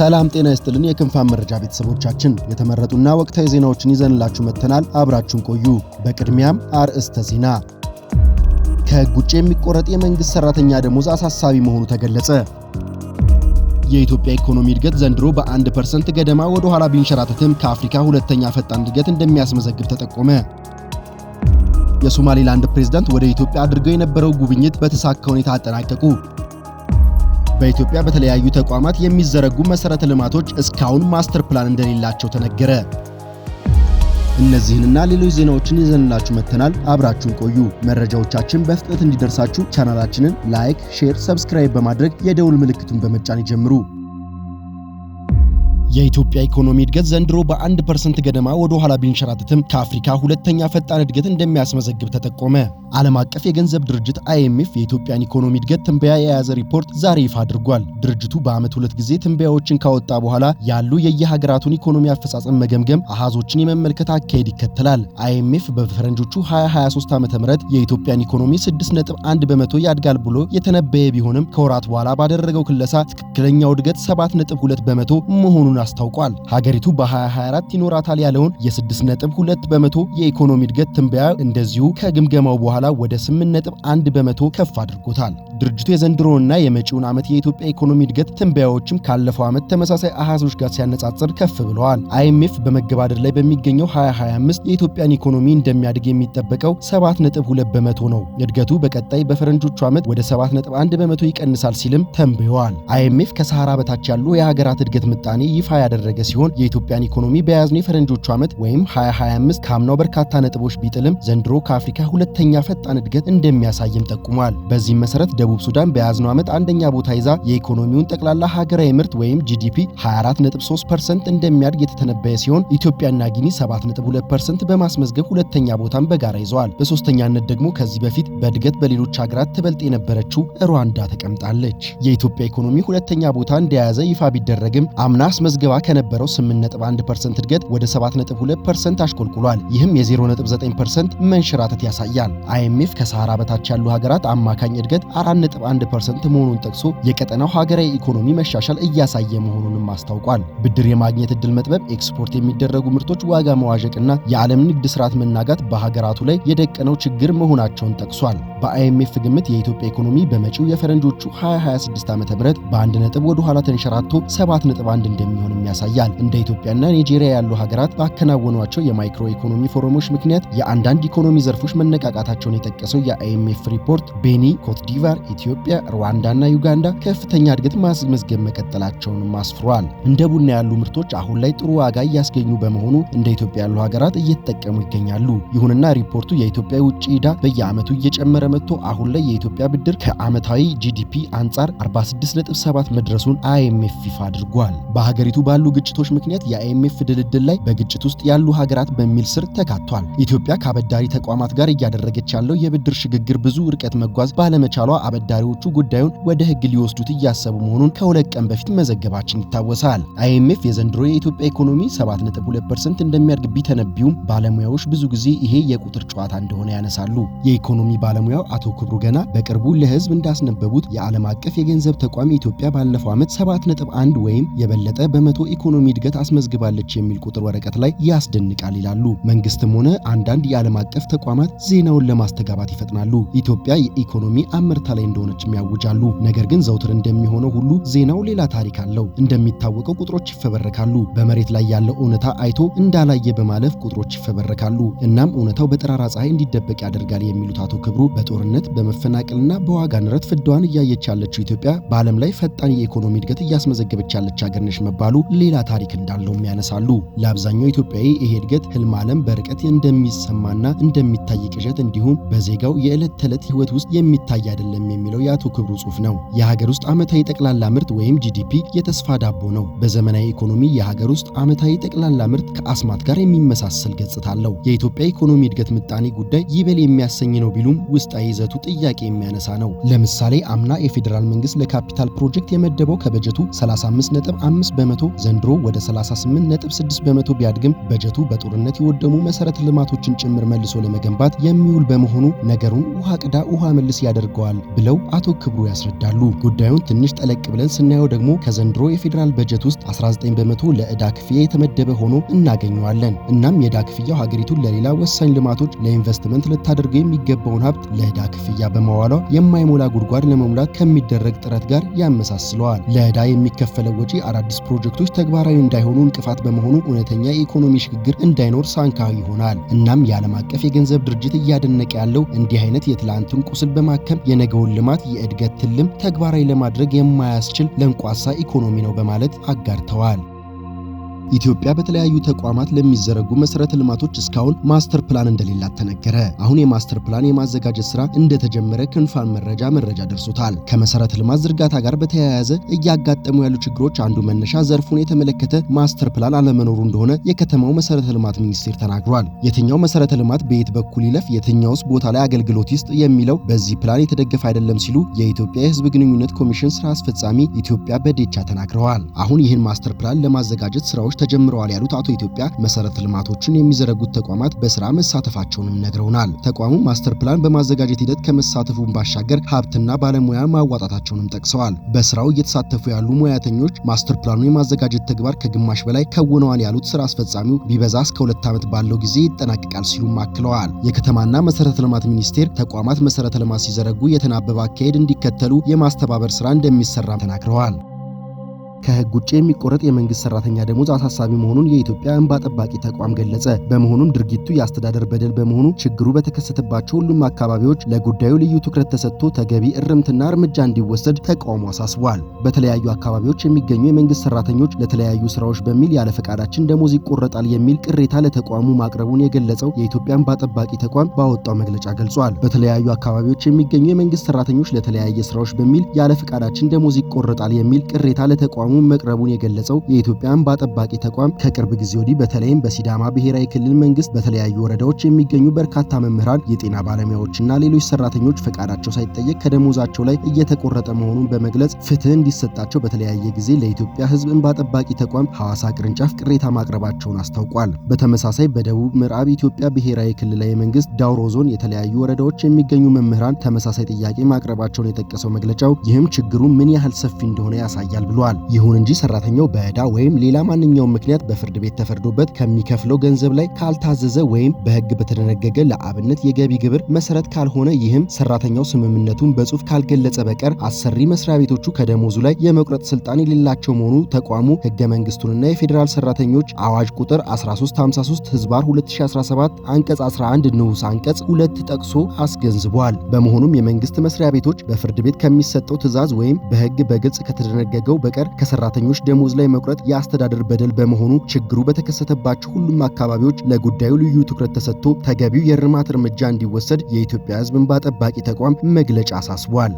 ሰላም ጤና ይስጥልን። የክንፋን መረጃ ቤተሰቦቻችን የተመረጡና ወቅታዊ ዜናዎችን ይዘንላችሁ መጥተናል። አብራችሁን ቆዩ። በቅድሚያም አርዕስተ ዜና። ከሕግ ውጭ የሚቆረጥ የመንግሥት ሠራተኛ ደሞዝ አሳሳቢ መሆኑ ተገለጸ። የኢትዮጵያ ኢኮኖሚ እድገት ዘንድሮ በአንድ ፐርሰንት ገደማ ወደ ኋላ ቢንሸራተትም ከአፍሪካ ሁለተኛ ፈጣን እድገት እንደሚያስመዘግብ ተጠቆመ። የሶማሌላንድ ፕሬዝዳንት ወደ ኢትዮጵያ አድርገው የነበረው ጉብኝት በተሳካ ሁኔታ አጠናቀቁ። በኢትዮጵያ በተለያዩ ተቋማት የሚዘረጉ መሰረተ ልማቶች እስካሁን ማስተር ፕላን እንደሌላቸው ተነገረ። እነዚህንና ሌሎች ዜናዎችን ይዘንላችሁ መጥተናል። አብራችሁን ቆዩ። መረጃዎቻችን በፍጥነት እንዲደርሳችሁ ቻናላችንን ላይክ፣ ሼር፣ ሰብስክራይብ በማድረግ የደውል ምልክቱን በመጫን ይጀምሩ። የኢትዮጵያ ኢኮኖሚ እድገት ዘንድሮ በአንድ ፐርሰንት ገደማ ወደ ኋላ ቢንሸራተትም ከአፍሪካ ሁለተኛ ፈጣን እድገት እንደሚያስመዘግብ ተጠቆመ። ዓለም አቀፍ የገንዘብ ድርጅት አይኤምኤፍ የኢትዮጵያን ኢኮኖሚ እድገት ትንበያ የያዘ ሪፖርት ዛሬ ይፋ አድርጓል። ድርጅቱ በዓመት ሁለት ጊዜ ትንበያዎችን ካወጣ በኋላ ያሉ የየሀገራቱን ኢኮኖሚ አፈጻጸም መገምገም፣ አሃዞችን የመመልከት አካሄድ ይከተላል። አይኤምኤፍ በፈረንጆቹ 2023 ዓ ም የኢትዮጵያን ኢኮኖሚ 6.1 በመቶ ያድጋል ብሎ የተነበየ ቢሆንም ከወራት በኋላ ባደረገው ክለሳ ትክክለኛው እድገት 7.2 በመቶ መሆኑን መሆኑን አስታውቋል። ሀገሪቱ በ2024 ይኖራታል ያለውን የ6.2 በመቶ የኢኮኖሚ እድገት ትንበያ እንደዚሁ ከግምገማው በኋላ ወደ 8.1 በመቶ ከፍ አድርጎታል። ድርጅቱ የዘንድሮውና የመጪውን ዓመት የኢትዮጵያ ኢኮኖሚ እድገት ትንበያዎችም ካለፈው ዓመት ተመሳሳይ አሃዞች ጋር ሲያነጻጽር ከፍ ብለዋል። አይኤምኤፍ በመገባደድ ላይ በሚገኘው 2025 የኢትዮጵያን ኢኮኖሚ እንደሚያድግ የሚጠበቀው 7.2 በመቶ ነው። እድገቱ በቀጣይ በፈረንጆቹ ዓመት ወደ 7.1 በመቶ ይቀንሳል ሲልም ተንብየዋል። አይኤምኤፍ ከሰሃራ በታች ያሉ የሀገራት እድገት ምጣኔ ይፋ ይፋ ያደረገ ሲሆን የኢትዮጵያን ኢኮኖሚ በያዝነው የፈረንጆቹ ዓመት ወይም 2025 ከአምናው በርካታ ነጥቦች ቢጥልም ዘንድሮ ከአፍሪካ ሁለተኛ ፈጣን እድገት እንደሚያሳይም ጠቁሟል። በዚህም መሰረት ደቡብ ሱዳን በያዝነው ዓመት አንደኛ ቦታ ይዛ የኢኮኖሚውን ጠቅላላ ሀገራዊ ምርት ወይም ጂዲፒ 24.3% እንደሚያድግ የተተነበየ ሲሆን ኢትዮጵያና ጊኒ 7.2% በማስመዝገብ ሁለተኛ ቦታን በጋራ ይዘዋል። በሶስተኛነት ደግሞ ከዚህ በፊት በእድገት በሌሎች ሀገራት ትበልጥ የነበረችው ሩዋንዳ ተቀምጣለች። የኢትዮጵያ ኢኮኖሚ ሁለተኛ ቦታ እንደያዘ ይፋ ቢደረግም አምና አስመዝግ ሲያስገባ ከነበረው 8.1 ፐርሰንት እድገት ወደ 7.2 ፐርሰንት አሽቆልቁሏል። ይህም የ0.9 ፐርሰንት መንሸራተት ያሳያል። አይኤምኤፍ ከሰሃራ በታች ያሉ ሀገራት አማካኝ እድገት 4.1 ፐርሰንት መሆኑን ጠቅሶ የቀጠናው ሀገራዊ ኢኮኖሚ መሻሻል እያሳየ መሆኑንም አስታውቋል። ብድር የማግኘት እድል መጥበብ፣ ኤክስፖርት የሚደረጉ ምርቶች ዋጋ መዋዠቅና የዓለም ንግድ ስርዓት መናጋት በሀገራቱ ላይ የደቀነው ችግር መሆናቸውን ጠቅሷል። በአይኤምኤፍ ግምት የኢትዮጵያ ኢኮኖሚ በመጪው የፈረንጆቹ 2026 ዓመተ ምህረት በአንድ ነጥብ ወደ ኋላ ተንሸራቶ 7.1 እንደሚሆንም ያሳያል። እንደ ኢትዮጵያና ኒጄሪያ ያሉ ሀገራት ባከናወኗቸው የማይክሮ ኢኮኖሚ ፎረሞች ምክንያት የአንዳንድ ኢኮኖሚ ዘርፎች መነቃቃታቸውን የጠቀሰው የአይኤምኤፍ ሪፖርት ቤኒ፣ ኮትዲቫር፣ ኢትዮጵያ፣ ሩዋንዳና ዩጋንዳ ከፍተኛ እድገት ማስመዝገብ መቀጠላቸውንም አስፍሯል። እንደ ቡና ያሉ ምርቶች አሁን ላይ ጥሩ ዋጋ እያስገኙ በመሆኑ እንደ ኢትዮጵያ ያሉ ሀገራት እየተጠቀሙ ይገኛሉ። ይሁንና ሪፖርቱ የኢትዮጵያ ውጭ ዕዳ በየዓመቱ እየጨመረ መጥቶ አሁን ላይ የኢትዮጵያ ብድር ከዓመታዊ ጂዲፒ አንጻር 46.7 መድረሱን አይኤምኤፍ ይፋ አድርጓል። በሀገሪቱ ባሉ ግጭቶች ምክንያት የአይኤምኤፍ ድልድል ላይ በግጭት ውስጥ ያሉ ሀገራት በሚል ስር ተካቷል። ኢትዮጵያ ከአበዳሪ ተቋማት ጋር እያደረገች ያለው የብድር ሽግግር ብዙ ርቀት መጓዝ ባለመቻሏ አበዳሪዎቹ ጉዳዩን ወደ ሕግ ሊወስዱት እያሰቡ መሆኑን ከሁለት ቀን በፊት መዘገባችን ይታወሳል። አይኤምኤፍ የዘንድሮ የኢትዮጵያ ኢኮኖሚ 7.2% እንደሚያድግ ቢተነቢውም ባለሙያዎች ብዙ ጊዜ ይሄ የቁጥር ጨዋታ እንደሆነ ያነሳሉ። የኢኮኖሚ ባለሙያ ሌላው አቶ ክብሩ ገና በቅርቡ ለህዝብ እንዳስነበቡት የዓለም አቀፍ የገንዘብ ተቋም ኢትዮጵያ ባለፈው ዓመት 7.1 ወይም የበለጠ በመቶ ኢኮኖሚ እድገት አስመዝግባለች የሚል ቁጥር ወረቀት ላይ ያስደንቃል ይላሉ። መንግስትም ሆነ አንዳንድ የዓለም አቀፍ ተቋማት ዜናውን ለማስተጋባት ይፈጥናሉ። ኢትዮጵያ የኢኮኖሚ አመርታ ላይ እንደሆነችም ያውጃሉ። ነገር ግን ዘውትር እንደሚሆነው ሁሉ ዜናው ሌላ ታሪክ አለው። እንደሚታወቀው ቁጥሮች ይፈበረካሉ። በመሬት ላይ ያለው እውነታ አይቶ እንዳላየ በማለፍ ቁጥሮች ይፈበረካሉ። እናም እውነታው በጠራራ ፀሐይ እንዲደበቅ ያደርጋል የሚሉት አቶ ክብሩ ጦርነት በመፈናቀልና በዋጋ ንረት ፍዳዋን እያየች ያለችው ኢትዮጵያ በዓለም ላይ ፈጣን የኢኮኖሚ እድገት እያስመዘገበች ያለች ሀገር ነች መባሉ ሌላ ታሪክ እንዳለውም ያነሳሉ። ለአብዛኛው ኢትዮጵያዊ ይሄ እድገት ህልም ዓለም በርቀት እንደሚሰማና እንደሚታይ ቅዠት እንዲሁም በዜጋው የዕለት ተዕለት ህይወት ውስጥ የሚታይ አይደለም የሚለው የአቶ ክብሩ ጽሑፍ ነው። የሀገር ውስጥ ዓመታዊ ጠቅላላ ምርት ወይም ጂዲፒ የተስፋ ዳቦ ነው። በዘመናዊ ኢኮኖሚ የሀገር ውስጥ ዓመታዊ ጠቅላላ ምርት ከአስማት ጋር የሚመሳሰል ገጽታ አለው። የኢትዮጵያ ኢኮኖሚ እድገት ምጣኔ ጉዳይ ይበል የሚያሰኝ ነው ቢሉም ውስጥ ቀጣይ ይዘቱ ጥያቄ የሚያነሳ ነው። ለምሳሌ አምና የፌዴራል መንግስት ለካፒታል ፕሮጀክት የመደበው ከበጀቱ 35.5 በመቶ ዘንድሮ ወደ 38.6 በመቶ ቢያድግም በጀቱ በጦርነት የወደሙ መሰረተ ልማቶችን ጭምር መልሶ ለመገንባት የሚውል በመሆኑ ነገሩን ውሃ ቅዳ ውሃ መልስ ያደርገዋል ብለው አቶ ክብሩ ያስረዳሉ። ጉዳዩን ትንሽ ጠለቅ ብለን ስናየው ደግሞ ከዘንድሮ የፌዴራል በጀት ውስጥ 19 በመቶ ለዕዳ ክፍያ የተመደበ ሆኖ እናገኘዋለን። እናም የዕዳ ክፍያው ሀገሪቱን ለሌላ ወሳኝ ልማቶች ለኢንቨስትመንት ልታደርገው የሚገባውን ሀብት ለዕዳ ክፍያ በመዋሏ የማይሞላ ጉድጓድ ለመሙላት ከሚደረግ ጥረት ጋር ያመሳስለዋል። ለዕዳ የሚከፈለው ወጪ አዳዲስ ፕሮጀክቶች ተግባራዊ እንዳይሆኑ እንቅፋት በመሆኑ እውነተኛ የኢኮኖሚ ሽግግር እንዳይኖር ሳንካ ይሆናል። እናም የዓለም አቀፍ የገንዘብ ድርጅት እያደነቀ ያለው እንዲህ አይነት የትላንቱን ቁስል በማከም የነገውን ልማት የእድገት ትልም ተግባራዊ ለማድረግ የማያስችል ለንቋሳ ኢኮኖሚ ነው በማለት አጋርተዋል። ኢትዮጵያ በተለያዩ ተቋማት ለሚዘረጉ መሰረተ ልማቶች እስካሁን ማስተር ፕላን እንደሌላት ተነገረ። አሁን የማስተር ፕላን የማዘጋጀት ስራ እንደተጀመረ ክንፋን መረጃ መረጃ ደርሶታል። ከመሰረተ ልማት ዝርጋታ ጋር በተያያዘ እያጋጠሙ ያሉ ችግሮች አንዱ መነሻ ዘርፉን የተመለከተ ማስተር ፕላን አለመኖሩ እንደሆነ የከተማው መሰረተ ልማት ሚኒስቴር ተናግሯል። የትኛው መሰረተ ልማት በየት በኩል ይለፍ፣ የትኛውስ ቦታ ላይ አገልግሎት ይስጥ የሚለው በዚህ ፕላን የተደገፈ አይደለም ሲሉ የኢትዮጵያ የህዝብ ግንኙነት ኮሚሽን ስራ አስፈጻሚ ኢትዮጵያ በዴቻ ተናግረዋል። አሁን ይህን ማስተር ፕላን ለማዘጋጀት ስራዎች ተጀምረዋል ያሉት አቶ ኢትዮጵያ መሰረተ ልማቶችን የሚዘረጉት ተቋማት በስራ መሳተፋቸውንም ነግረውናል። ተቋሙ ማስተር ፕላን በማዘጋጀት ሂደት ከመሳተፉን ባሻገር ሀብትና ባለሙያ ማዋጣታቸውንም ጠቅሰዋል። በስራው እየተሳተፉ ያሉ ሙያተኞች ማስተር ፕላኑ የማዘጋጀት ተግባር ከግማሽ በላይ ከውነዋል ያሉት ስራ አስፈጻሚው ቢበዛ እስከ ሁለት ዓመት ባለው ጊዜ ይጠናቀቃል ሲሉም አክለዋል። የከተማና መሰረተ ልማት ሚኒስቴር ተቋማት መሰረተ ልማት ሲዘረጉ የተናበበ አካሄድ እንዲከተሉ የማስተባበር ስራ እንደሚሰራ ተናግረዋል። ከህግ ውጭ የሚቆረጥ የመንግስት ሰራተኛ ደሞዝ አሳሳቢ መሆኑን የኢትዮጵያ እንባ ጠባቂ ተቋም ገለጸ። በመሆኑም ድርጊቱ የአስተዳደር በደል በመሆኑ ችግሩ በተከሰተባቸው ሁሉም አካባቢዎች ለጉዳዩ ልዩ ትኩረት ተሰጥቶ ተገቢ እርምትና እርምጃ እንዲወሰድ ተቃውሞ አሳስቧል። በተለያዩ አካባቢዎች የሚገኙ የመንግስት ሰራተኞች ለተለያዩ ስራዎች በሚል ያለ ፈቃዳችን ደሞዝ ይቆረጣል የሚል ቅሬታ ለተቋሙ ማቅረቡን የገለጸው የኢትዮጵያ እንባ ጠባቂ ተቋም ባወጣው መግለጫ ገልጿል። በተለያዩ አካባቢዎች የሚገኙ የመንግስት ሰራተኞች ለተለያየ ስራዎች በሚል ያለ ፈቃዳችን ደሞዝ ይቆረጣል የሚል ቅሬታ ለተቋሙ ተቋሙ መቅረቡን የገለጸው የኢትዮጵያ እንባ ጠባቂ ተቋም ከቅርብ ጊዜ ወዲህ በተለይም በሲዳማ ብሔራዊ ክልል መንግስት በተለያዩ ወረዳዎች የሚገኙ በርካታ መምህራን፣ የጤና ባለሙያዎችና ሌሎች ሰራተኞች ፈቃዳቸው ሳይጠየቅ ከደሞዛቸው ላይ እየተቆረጠ መሆኑን በመግለጽ ፍትህ እንዲሰጣቸው በተለያየ ጊዜ ለኢትዮጵያ ህዝብ እንባ ጠባቂ ተቋም ሐዋሳ ቅርንጫፍ ቅሬታ ማቅረባቸውን አስታውቋል። በተመሳሳይ በደቡብ ምዕራብ ኢትዮጵያ ብሔራዊ ክልላዊ መንግስት ዳውሮ ዞን የተለያዩ ወረዳዎች የሚገኙ መምህራን ተመሳሳይ ጥያቄ ማቅረባቸውን የጠቀሰው መግለጫው ይህም ችግሩ ምን ያህል ሰፊ እንደሆነ ያሳያል ብሏል። ይሁን እንጂ ሰራተኛው በዕዳ ወይም ሌላ ማንኛውም ምክንያት በፍርድ ቤት ተፈርዶበት ከሚከፍለው ገንዘብ ላይ ካልታዘዘ ወይም በሕግ በተደነገገ ለአብነት የገቢ ግብር መሰረት ካልሆነ ይህም ሰራተኛው ስምምነቱን በጽሁፍ ካልገለጸ በቀር አሰሪ መስሪያ ቤቶቹ ከደሞዙ ላይ የመቁረጥ ስልጣን የሌላቸው መሆኑ ተቋሙ ሕገ መንግስቱንና የፌዴራል ሰራተኞች አዋጅ ቁጥር 1353 ህዝባር 2017 አንቀጽ 11 ንዑስ አንቀጽ ሁለት ጠቅሶ አስገንዝቧል። በመሆኑም የመንግስት መስሪያ ቤቶች በፍርድ ቤት ከሚሰጠው ትዕዛዝ ወይም በሕግ በግልጽ ከተደነገገው በቀር ሰራተኞች ደሞዝ ላይ መቁረጥ የአስተዳደር በደል በመሆኑ ችግሩ በተከሰተባቸው ሁሉም አካባቢዎች ለጉዳዩ ልዩ ትኩረት ተሰጥቶ ተገቢው የእርማት እርምጃ እንዲወሰድ የኢትዮጵያ ሕዝብ እንባ ጠባቂ ተቋም መግለጫ አሳስቧል።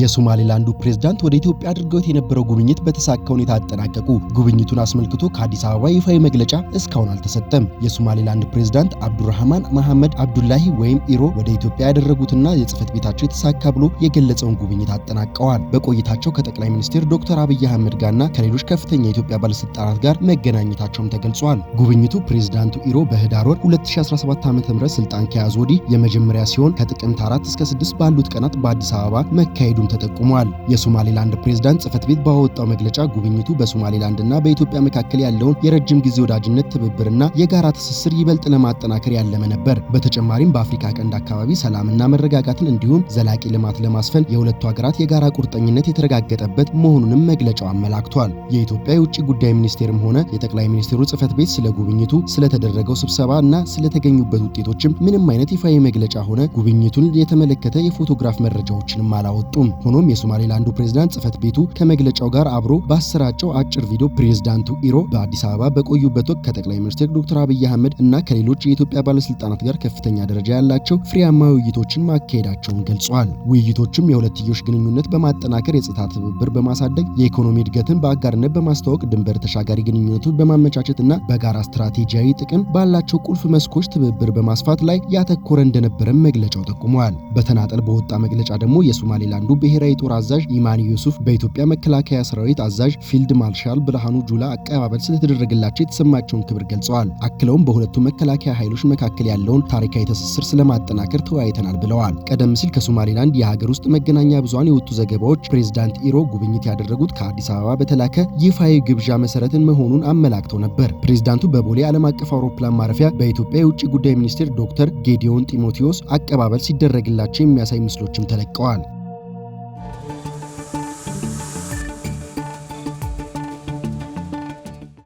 የሶማሌላንዱ ፕሬዝዳንት ወደ ኢትዮጵያ አድርገውት የነበረው ጉብኝት በተሳካ ሁኔታ አጠናቀቁ። ጉብኝቱን አስመልክቶ ከአዲስ አበባ ይፋዊ መግለጫ እስካሁን አልተሰጠም። የሶማሌላንድ ፕሬዝዳንት አብዱራህማን መሐመድ አብዱላሂ ወይም ኢሮ ወደ ኢትዮጵያ ያደረጉትና የጽህፈት ቤታቸው የተሳካ ብሎ የገለጸውን ጉብኝት አጠናቀዋል። በቆይታቸው ከጠቅላይ ሚኒስትር ዶክተር አብይ አህመድ ጋርና ከሌሎች ከፍተኛ የኢትዮጵያ ባለስልጣናት ጋር መገናኘታቸውም ተገልጿል። ጉብኝቱ ፕሬዝዳንቱ ኢሮ በህዳር ወር 2017 ም ስልጣን ከያዙ ወዲህ የመጀመሪያ ሲሆን ከጥቅምት 4 እስከ 6 ባሉት ቀናት በአዲስ አበባ መካሄዱ መውሰዱም ተጠቁሟል። የሶማሌላንድ ፕሬዝዳንት ጽህፈት ቤት ባወጣው መግለጫ ጉብኝቱ በሶማሌላንድና በኢትዮጵያ መካከል ያለውን የረጅም ጊዜ ወዳጅነት ትብብርና የጋራ ትስስር ይበልጥ ለማጠናከር ያለመ ነበር። በተጨማሪም በአፍሪካ ቀንድ አካባቢ ሰላምና መረጋጋትን እንዲሁም ዘላቂ ልማት ለማስፈን የሁለቱ ሀገራት የጋራ ቁርጠኝነት የተረጋገጠበት መሆኑንም መግለጫው አመላክቷል። የኢትዮጵያ የውጭ ጉዳይ ሚኒስቴርም ሆነ የጠቅላይ ሚኒስትሩ ጽህፈት ቤት ስለ ጉብኝቱ፣ ስለተደረገው ስብሰባ እና ስለተገኙበት ውጤቶችም ምንም አይነት ይፋዊ መግለጫ ሆነ ጉብኝቱን የተመለከተ የፎቶግራፍ መረጃዎችንም አላወጡም። ሆኖም የሶማሌላንዱ ፕሬዝዳንት ጽህፈት ቤቱ ከመግለጫው ጋር አብሮ ባሰራጨው አጭር ቪዲዮ ፕሬዝዳንቱ ኢሮ በአዲስ አበባ በቆዩበት ወቅት ከጠቅላይ ሚኒስትር ዶክተር አብይ አህመድ እና ከሌሎች የኢትዮጵያ ባለስልጣናት ጋር ከፍተኛ ደረጃ ያላቸው ፍሬያማ ውይይቶችን ማካሄዳቸውን ገልጿል። ውይይቶችም የሁለትዮሽ ግንኙነት በማጠናከር የጸጥታ ትብብር በማሳደግ የኢኮኖሚ እድገትን በአጋርነት በማስተዋወቅ ድንበር ተሻጋሪ ግንኙነቱን በማመቻቸት እና በጋራ ስትራቴጂያዊ ጥቅም ባላቸው ቁልፍ መስኮች ትብብር በማስፋት ላይ ያተኮረ እንደነበረ መግለጫው ጠቁመዋል። በተናጠል በወጣ መግለጫ ደግሞ የሶማሌላንዱ ብሔራዊ ጦር አዛዥ ኢማን ዩሱፍ፣ በኢትዮጵያ መከላከያ ሰራዊት አዛዥ ፊልድ ማርሻል ብርሃኑ ጁላ አቀባበል ስለተደረገላቸው የተሰማቸውን ክብር ገልጸዋል። አክለውም በሁለቱ መከላከያ ኃይሎች መካከል ያለውን ታሪካዊ ትስስር ስለማጠናከር ተወያይተናል ብለዋል። ቀደም ሲል ከሶማሌላንድ የሀገር ውስጥ መገናኛ ብዙሃን የወጡ ዘገባዎች ፕሬዝዳንት ኢሮ ጉብኝት ያደረጉት ከአዲስ አበባ በተላከ ይፋዊ ግብዣ መሰረትን መሆኑን አመላክተው ነበር። ፕሬዚዳንቱ በቦሌ ዓለም አቀፍ አውሮፕላን ማረፊያ በኢትዮጵያ የውጭ ጉዳይ ሚኒስቴር ዶክተር ጌዲዮን ጢሞቴዎስ አቀባበል ሲደረግላቸው የሚያሳይ ምስሎችም ተለቀዋል።